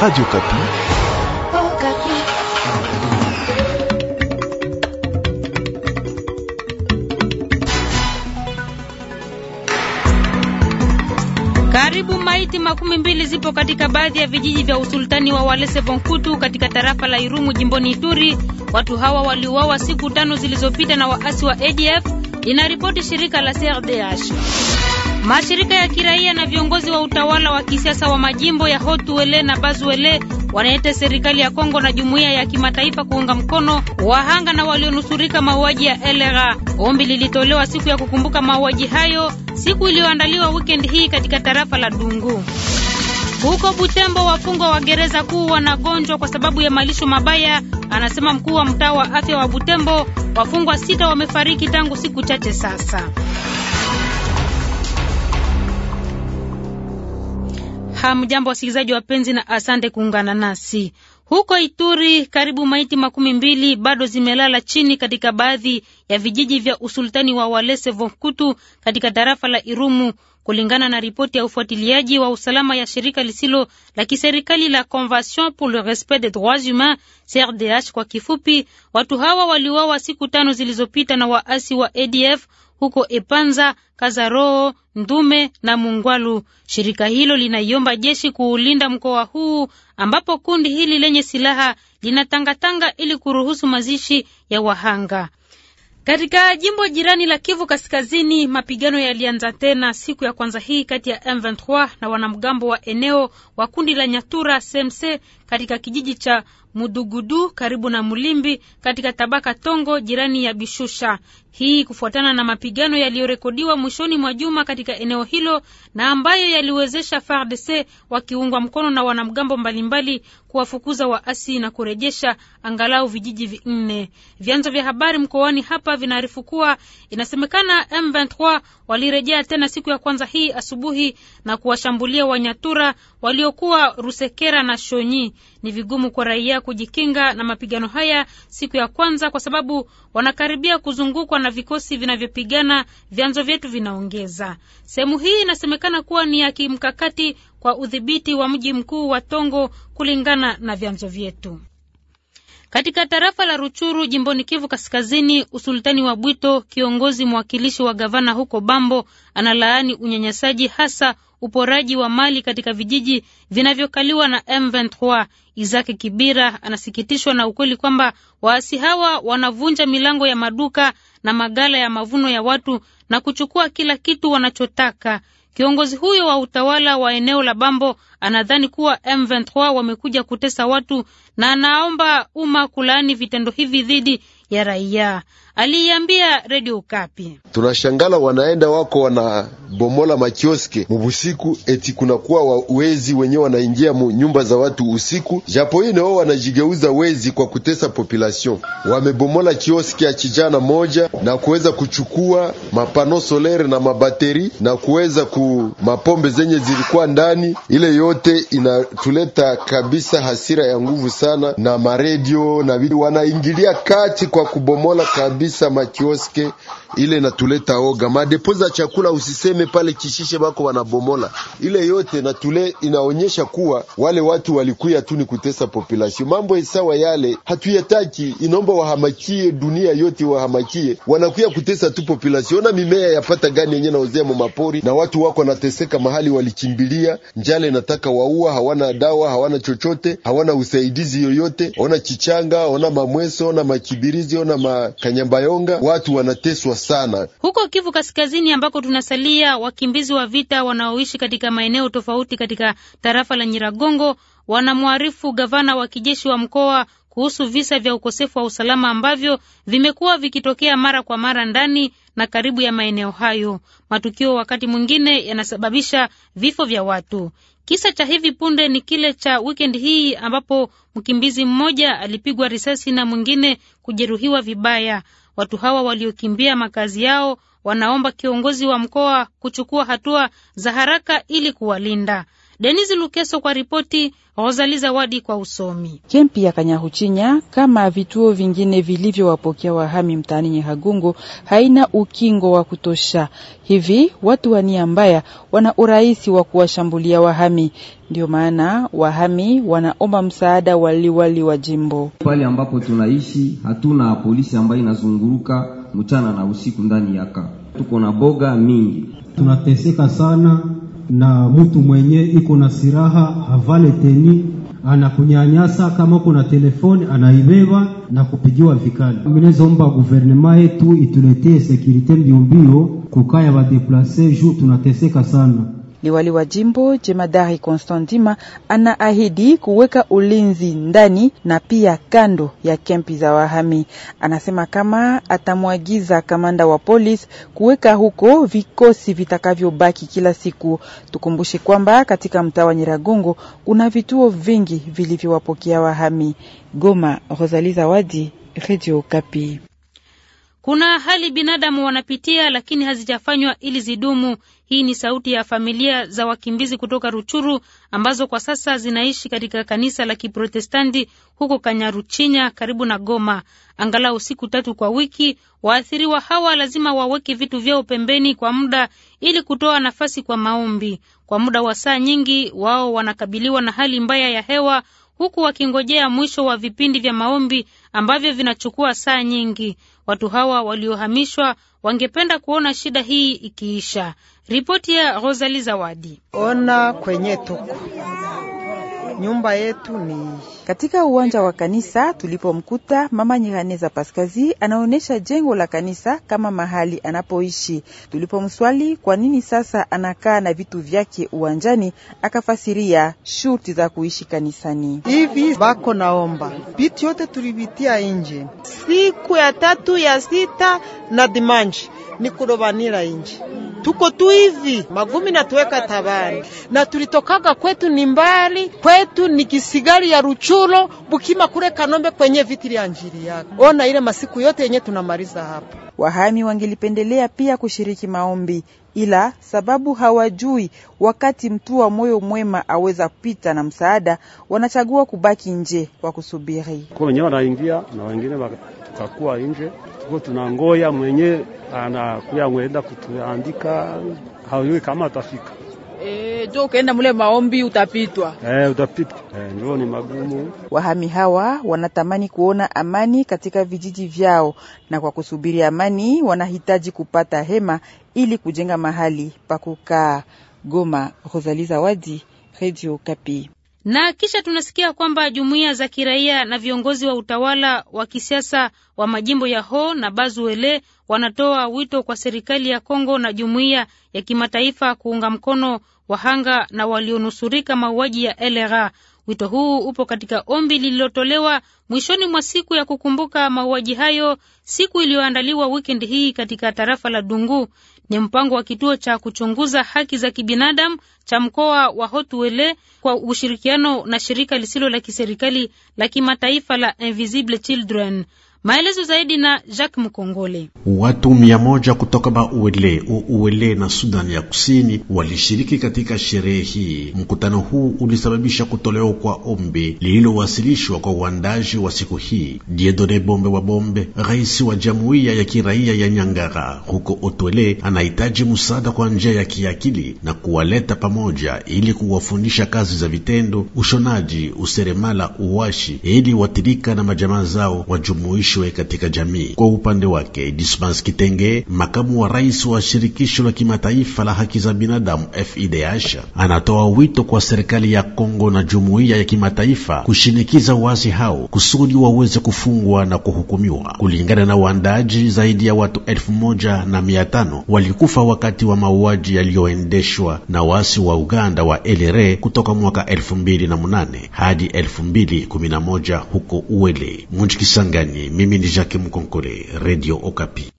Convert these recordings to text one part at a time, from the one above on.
Radio Kapi. Oh, Kapi. Karibu maiti makumi mbili zipo katika baadhi ya vijiji vya usultani wa Walese Bonkutu katika tarafa la Irumu jimboni Ituri. Watu hawa waliuawa siku tano zilizopita na waasi wa ADF, inaripoti shirika la CRDH. Mashirika ya kiraia na viongozi wa utawala wa kisiasa wa majimbo ya Hotuele na Bazuele wanaita serikali ya Kongo na jumuiya ya kimataifa kuunga mkono wahanga na walionusurika mauaji ya LRA. Ombi lilitolewa siku ya kukumbuka mauaji hayo, siku iliyoandaliwa weekend hii katika tarafa la Dungu. Huko Butembo, wafungwa wa gereza kuu wanagonjwa kwa sababu ya malisho mabaya, anasema mkuu wa mtaa wa afya wa Butembo. Wafungwa sita wamefariki tangu siku chache sasa. Hamjambo wasikilizaji wapenzi, na asante kuungana nasi. Huko Ituri, karibu maiti makumi mbili bado zimelala chini katika baadhi ya vijiji vya usultani wa Walese Vonkutu katika tarafa la Irumu, kulingana na ripoti ya ufuatiliaji wa usalama ya shirika lisilo la kiserikali la Convention pour le Respect des Droits Humains, CRDH kwa kifupi. Watu hawa waliuawa siku tano zilizopita na waasi wa ADF huko Epanza, Kazaroo, Ndume na Mungwalu. Shirika hilo linaiomba jeshi kuulinda mkoa huu ambapo kundi hili lenye silaha linatangatanga ili kuruhusu mazishi ya wahanga. Katika jimbo jirani la Kivu Kaskazini, mapigano yalianza tena siku ya kwanza hii kati ya M23 na wanamgambo wa eneo wa kundi la Nyatura SMC katika kijiji cha Mudugudu karibu na Mulimbi katika tabaka Tongo jirani ya Bishusha. Hii kufuatana na mapigano yaliyorekodiwa mwishoni mwa juma katika eneo hilo na ambayo yaliwezesha FARDC wakiungwa mkono na wanamgambo mbalimbali kuwafukuza waasi na kurejesha angalau vijiji vinne. Vyanzo vya habari mkoani hapa vinaarifu kuwa inasemekana M23 walirejea tena siku ya kwanza hii asubuhi na kuwashambulia Wanyatura waliokuwa Rusekera na Shonyi ni vigumu kwa raia kujikinga na mapigano haya siku ya kwanza, kwa sababu wanakaribia kuzungukwa na vikosi vinavyopigana, vyanzo vyetu vinaongeza. Sehemu hii inasemekana kuwa ni ya kimkakati kwa udhibiti wa mji mkuu wa Tongo kulingana na vyanzo vyetu. Katika tarafa la Ruchuru jimboni Kivu Kaskazini, usultani wa Bwito, kiongozi mwakilishi wa gavana huko Bambo, analaani unyanyasaji, hasa uporaji wa mali katika vijiji vinavyokaliwa na M23. isak Kibira anasikitishwa na ukweli kwamba waasi hawa wanavunja milango ya maduka na magala ya mavuno ya watu na kuchukua kila kitu wanachotaka. Kiongozi huyo wa utawala wa eneo la Bambo anadhani kuwa M23 wamekuja kutesa watu na anaomba umma kulaani vitendo hivi dhidi ya raia aliiambia redio Kapi. Tunashangala wanaenda wako wanabomola makioske mubusiku, eti kunakuwa wezi wenye wanaingia mu nyumba za watu usiku, japo ine wao wanajigeuza wezi kwa kutesa population. Wamebomola kioski ya kijana moja na kuweza kuchukua mapano solere na mabateri na kuweza ku mapombe zenye zilikuwa ndani. Ile yote inatuleta kabisa hasira ya nguvu sana, na maredio na wanaingilia kati kwa kubomola kabisa kabisa makioske ile natuleta oga, madepo za chakula usiseme pale kishishe bako wanabomola ile yote, natule inaonyesha kuwa wale watu walikuya tu ni kutesa population. Mambo sawa yale hatuyataki, inaomba wahamakie, dunia yote wahamakie, wanakuya kutesa tu population. Ona mimea yapata gani yenye naozea mumapori na watu wako wanateseka mahali walikimbilia, njale nataka waua, hawana dawa, hawana chochote, hawana usaidizi yoyote. Ona Chichanga, ona Mamweso, ona Makibirizi, ona Makanyam Bayonga watu wanateswa sana. Huko Kivu Kaskazini ambako tunasalia, wakimbizi wa vita wanaoishi katika maeneo tofauti katika tarafa la Nyiragongo wanamwarifu gavana wa kijeshi wa mkoa kuhusu visa vya ukosefu wa usalama ambavyo vimekuwa vikitokea mara kwa mara ndani na karibu ya maeneo hayo. Matukio wakati mwingine yanasababisha vifo vya watu. Kisa cha hivi punde ni kile cha wikendi hii ambapo mkimbizi mmoja alipigwa risasi na mwingine kujeruhiwa vibaya. Watu hawa waliokimbia makazi yao wanaomba kiongozi wa mkoa kuchukua hatua za haraka ili kuwalinda. Denis Lukeso kwa ripoti, Rosali Zawadi kwa usomi. Kempi ya kanyahuchinya kama vituo vingine vilivyowapokea wahami mtaani nyehagungu haina ukingo wa kutosha, hivi watu wania mbaya wana urahisi wa kuwashambulia wahami. Ndio maana wahami wanaomba msaada waliwali wa jimbo pale ambapo tunaishi. Hatuna polisi ambayo inazunguruka mchana na usiku ndani yaka, tuko na boga mingi, tunateseka sana na mtu mwenye iko na siraha havale teni anakunyanyasa kama uko na telefoni anaibeba na kupigiwa vikali. Minezomba guvernema yetu ituletee sekirite mbiombio, kukaya badeplase juu tunateseka sana. Liwali wa jimbo jemadari ndima anaahidi kuweka ulinzi ndani na pia kando ya kempi za wahami. Anasema kama atamwagiza kamanda wa polisi kuweka huko vikosi vitakavyobaki kila siku. Tukumbushe kwamba katika mtaa wa Nyiragongo kuna vituo vingi vilivyowapokea wahami. Goma, rosali Zawadi, Radio Kapi. Kuna hali binadamu wanapitia lakini hazijafanywa ili zidumu. Hii ni sauti ya familia za wakimbizi kutoka Ruchuru ambazo kwa sasa zinaishi katika kanisa la Kiprotestanti huko Kanyaruchinya karibu na Goma. Angalau siku tatu kwa wiki, waathiriwa hawa lazima waweke vitu vyao pembeni kwa muda ili kutoa nafasi kwa maombi. Kwa muda wa saa nyingi, wao wanakabiliwa na hali mbaya ya hewa huku wakingojea mwisho wa vipindi vya maombi ambavyo vinachukua saa nyingi. Watu hawa waliohamishwa wangependa kuona shida hii ikiisha. Ripoti ya Rosali Zawadi. Ona kwenye tuko nyumba yetu ni katika uwanja wa kanisa tulipomkuta mama Nyiraneza Paskazi anaonyesha jengo la kanisa kama mahali anapoishi. Tulipomswali kwa nini sasa anakaa na vitu vyake uwanjani, akafasiria shurti za kuishi kanisani. Hivi bako naomba vitu yote tulivitia nje siku ya tatu ya sita na dimanji ni kurobanira inji tuko tu hivi magumi natuweka tabani na tulitokaga kwetu ni mbali kwetu ni kisigari ya Ruchuro Bukima kule Kanombe kwenye viti vya njiri yako. Ona ile masiku yote yenye tunamaliza hapa. Wahami wangelipendelea pia kushiriki maombi, ila sababu hawajui wakati mtu wa moyo mwema aweza kupita na msaada, wanachagua kubaki nje kwa kusubiri kwa wenyewe wanaingia na wengine tukakuwa nje tuko tunangoya mwenye anakuya mwenda kutuandika, haujui kama atafika. E, eh, jo ukaenda mule maombi utapitwa. E, utapitwa. E, eh, ndio ni magumu. Wahami hawa wanatamani kuona amani katika vijiji vyao, na kwa kusubiri amani wanahitaji kupata hema ili kujenga mahali pa kukaa. Goma, rosali Zawadi, Radio Kapi. Na kisha tunasikia kwamba jumuiya za kiraia na viongozi wa utawala wa kisiasa wa majimbo ya Ho na Bazuele wanatoa wito kwa serikali ya Kongo na jumuiya ya kimataifa kuunga mkono wahanga na walionusurika mauaji ya LRA. Wito huu upo katika ombi lililotolewa mwishoni mwa siku ya kukumbuka mauaji hayo, siku iliyoandaliwa wikendi hii katika tarafa la Dungu ni mpango wa kituo cha kuchunguza haki za kibinadamu cha mkoa wa Hotwele kwa ushirikiano na shirika lisilo la kiserikali la kimataifa la Invisible Children. Maelezo zaidi na Jacques Mkongole. Watu mia moja kutoka Bauele, Uele na Sudan ya Kusini walishiriki katika sherehe hii. Mkutano huu ulisababisha kutolewa kwa ombi lililowasilishwa kwa uandaji wa siku hii. Diedone Bombe wa Bombe, rais wa Jamhuri ya Kiraia ya Nyangara huko Otwele, anahitaji msaada kwa njia ya kiakili na kuwaleta pamoja ili kuwafundisha kazi za vitendo, ushonaji, useremala, uwashi ili watirika na majamaa zao wajumuisha washirikishwe katika jamii. Kwa upande wake, Dismas Kitenge, makamu wa rais wa shirikisho la kimataifa la haki za binadamu FIDH, anatoa wito kwa serikali ya Kongo na jumuiya ya kimataifa kushinikiza wasi hao kusudi waweze kufungwa na kuhukumiwa. Kulingana na waandaaji, zaidi ya watu elfu moja na mia tano walikufa wakati wa mauaji yaliyoendeshwa na wasi wa Uganda wa LRA kutoka mwaka 2008 hadi 2011 huko Uele, mji Kisangani. Mimi ni Jacques Mkonkole, Radio Okapi.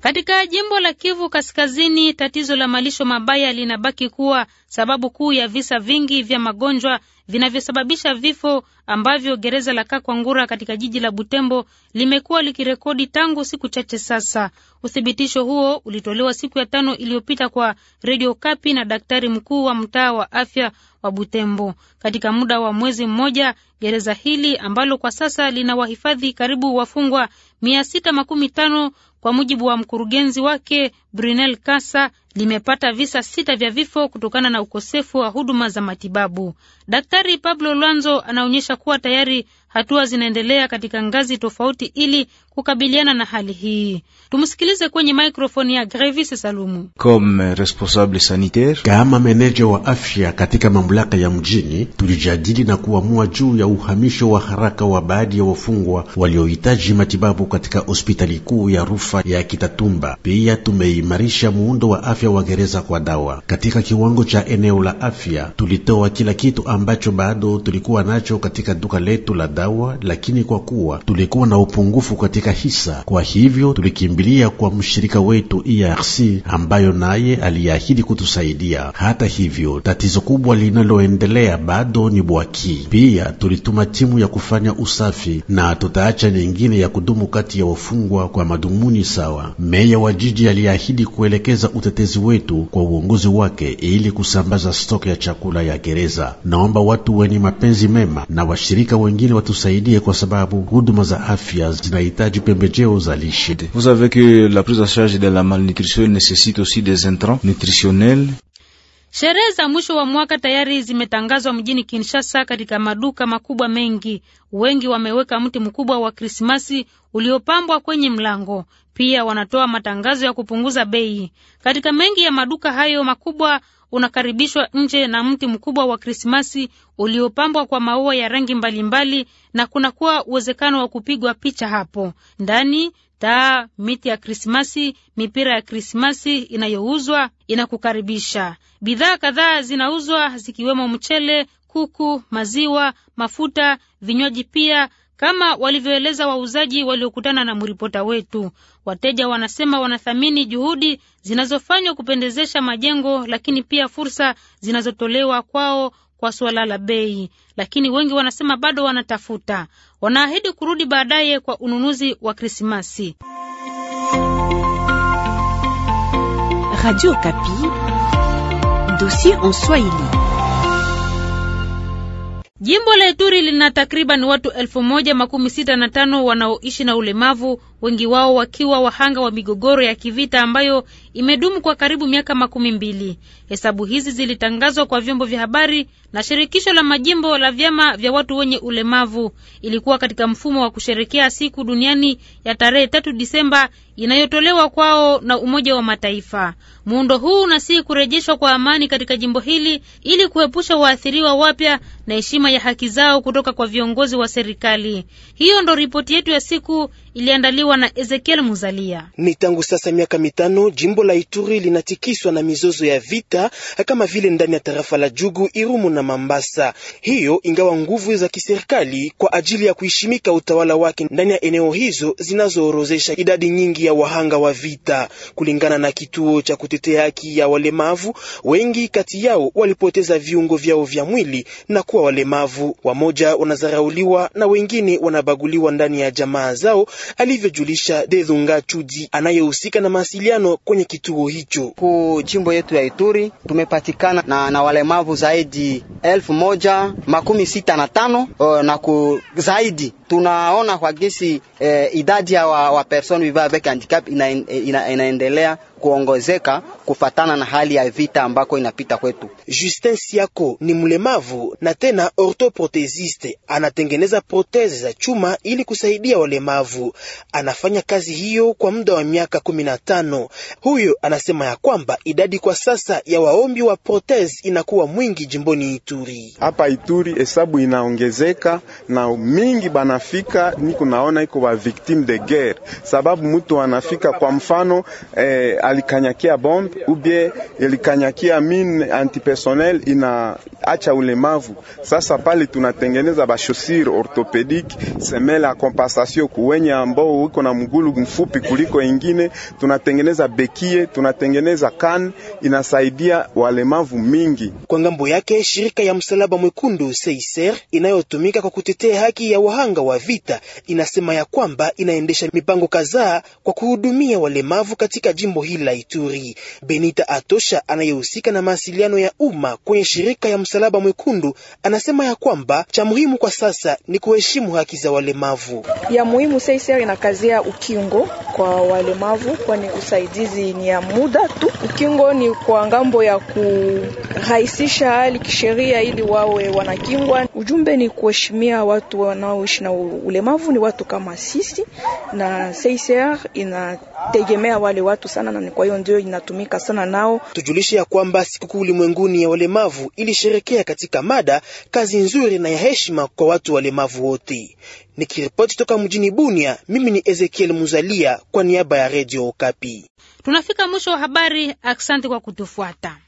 Katika jimbo la Kivu Kaskazini, tatizo la malisho mabaya linabaki kuwa sababu kuu ya visa vingi vya magonjwa vinavyosababisha vifo ambavyo gereza la Kakwangura katika jiji la Butembo limekuwa likirekodi tangu siku chache sasa. Uthibitisho huo ulitolewa siku ya tano iliyopita kwa redio Kapi na daktari mkuu wa mtaa wa afya wa Butembo. Katika muda wa mwezi mmoja, gereza hili ambalo kwa sasa lina wahifadhi karibu wafungwa mia sita makumi tano kwa mujibu wa mkurugenzi wake Brunel Kasa, limepata visa sita vya vifo kutokana na ukosefu wa huduma za matibabu. Daktari Pablo Lwanzo anaonyesha kuwa tayari hatua zinaendelea katika ngazi tofauti ili kukabiliana na hali hii. Tumsikilize kwenye mikrofoni ya Grevis Salumu. Comme responsable sanitaire, kama meneja wa afya katika mamlaka ya mjini, tulijadili na kuamua juu ya uhamisho wa haraka wa baadhi ya wafungwa waliohitaji matibabu katika hospitali kuu ya rufa ya Kitatumba. Pia tumeimarisha muundo wa afya wa gereza kwa dawa. Katika kiwango cha eneo la afya, tulitoa kila kitu ambacho bado tulikuwa nacho katika duka letu la dawa, lakini kwa kuwa tulikuwa na upungufu katika katika hisa. Kwa hivyo tulikimbilia kwa mshirika wetu ERC ambayo naye aliahidi kutusaidia. Hata hivyo, tatizo kubwa linaloendelea bado ni bwaki. Pia tulituma timu ya kufanya usafi na tutaacha nyingine ya kudumu kati ya wafungwa kwa madhumuni sawa. Meya wa jiji aliahidi kuelekeza utetezi wetu kwa uongozi wake ili kusambaza stok ya chakula ya gereza. Naomba watu wenye mapenzi mema na washirika wengine watusaidie kwa sababu huduma za afya zinahitaji Vous savez que la prise en charge de la malnutrition nécessite aussi des intrants nutritionnels Sherehe za mwisho wa mwaka tayari zimetangazwa mjini Kinshasa katika maduka makubwa mengi. Wengi wameweka mti mkubwa wa Krismasi uliopambwa kwenye mlango. Pia wanatoa matangazo ya kupunguza bei. Katika mengi ya maduka hayo makubwa unakaribishwa nje na mti mkubwa wa Krismasi uliopambwa kwa maua ya rangi mbalimbali, na kunakuwa uwezekano wa kupigwa picha hapo ndani taa, miti ya Krismasi, mipira ya Krismasi inayouzwa inakukaribisha. Bidhaa kadhaa zinauzwa zikiwemo mchele, kuku, maziwa, mafuta, vinywaji pia kama walivyoeleza wauzaji waliokutana na mripota wetu, wateja wanasema wanathamini juhudi zinazofanywa kupendezesha majengo, lakini pia fursa zinazotolewa kwao kwa suala la bei, lakini wengi wanasema bado wanatafuta wanaahidi kurudi baadaye kwa ununuzi wa Krismasi. Radio Kapi, en Swahili. Jimbo la Ituri lina takriban watu elfu moja makumi sita na tano wanaoishi na ulemavu wengi wao wakiwa wahanga wa migogoro ya kivita ambayo imedumu kwa karibu miaka makumi mbili. Hesabu hizi zilitangazwa kwa vyombo vya habari na shirikisho la majimbo la vyama vya watu wenye ulemavu. Ilikuwa katika mfumo wa kusherekea siku duniani ya tarehe tatu Disemba inayotolewa kwao na Umoja wa Mataifa. Muundo huu unasihi kurejeshwa kwa amani katika jimbo hili ili kuepusha waathiriwa wapya na heshima ya haki zao kutoka kwa viongozi wa serikali. Hiyo ndo ripoti yetu ya siku iliandaliwa na Ezekiel Muzalia. Ni tangu sasa miaka mitano jimbo la Ituri linatikiswa na mizozo ya vita kama vile ndani ya tarafa la Jugu, Irumu na Mambasa. Hiyo ingawa nguvu za kiserikali kwa ajili ya kuheshimika utawala wake ndani ya eneo hizo zinazoorozesha idadi nyingi ya wahanga wa vita. Kulingana na kituo cha kutetea haki ya walemavu, wengi kati yao walipoteza viungo vyao vya mwili na kuwa walemavu. Wamoja wanazarauliwa na wengine wanabaguliwa ndani ya jamaa zao alivyojulisha dedhunga Chudi anayehusika na mawasiliano kwenye kituo hicho. Ku jimbo yetu ya Ituri tumepatikana na, na walemavu zaidi elfu moja makumi sita na tano o, na ku zaidi tunaona kwa gisi eh, idadi ya wa, wa persone handicap inaendelea ina, ina kuongezeka kufatana na hali ya vita ambako inapita kwetu. Justin Siako ni mlemavu na tena orthoprotesiste, anatengeneza proteze za chuma ili kusaidia walemavu. Anafanya kazi hiyo kwa muda wa miaka kumi na tano. Huyo anasema ya kwamba idadi kwa sasa ya waombi wa proteze inakuwa mwingi jimboni Ituri. Hapa Ituri hesabu inaongezeka na mingi banafika, nikunaona iko wa victim de guerre, sababu mtu anafika kwa mfano eh, alikanyakia bomb ubie ilikanyakia mine antipersonnel inaacha ulemavu. Sasa pale tunatengeneza chaussures orthopedic semela compensation kuwenye ambao uko na mgulu mfupi kuliko ingine, tunatengeneza bekie, tunatengeneza kan, inasaidia walemavu mingi. Kwa ngambo yake shirika ya msalaba mwekundu Seiser inayotumika kwa kutetea haki ya wahanga wa vita inasema ya kwamba inaendesha mipango kadhaa kwa kuhudumia walemavu katika jimbo hili jiji la Ituri. Benita Atosha anayehusika na mawasiliano ya umma kwenye shirika ya Msalaba Mwekundu anasema ya kwamba cha muhimu kwa sasa ni kuheshimu haki za walemavu. Ya muhimu CICR inakazia ukingo kwa walemavu, kwani usaidizi ni ya muda tu. Ukingo ni kwa ngambo ya kurahisisha hali kisheria ili wawe wanakingwa. Ujumbe ni kuheshimia watu wanaoishi na ulemavu, ni watu kama sisi na CICR ina tegemea wale watu sana, na kwa hiyo ndio inatumika sana nao. Tujulishe ya kwamba sikukuu ulimwenguni ya walemavu ilisherekea katika mada kazi nzuri na ya heshima kwa watu walemavu wote. Nikiripoti toka mjini Bunia, mimi ni Ezekiel Muzalia kwa niaba ya Radio Okapi. Tunafika mwisho wa habari. Asante kwa kutufuata.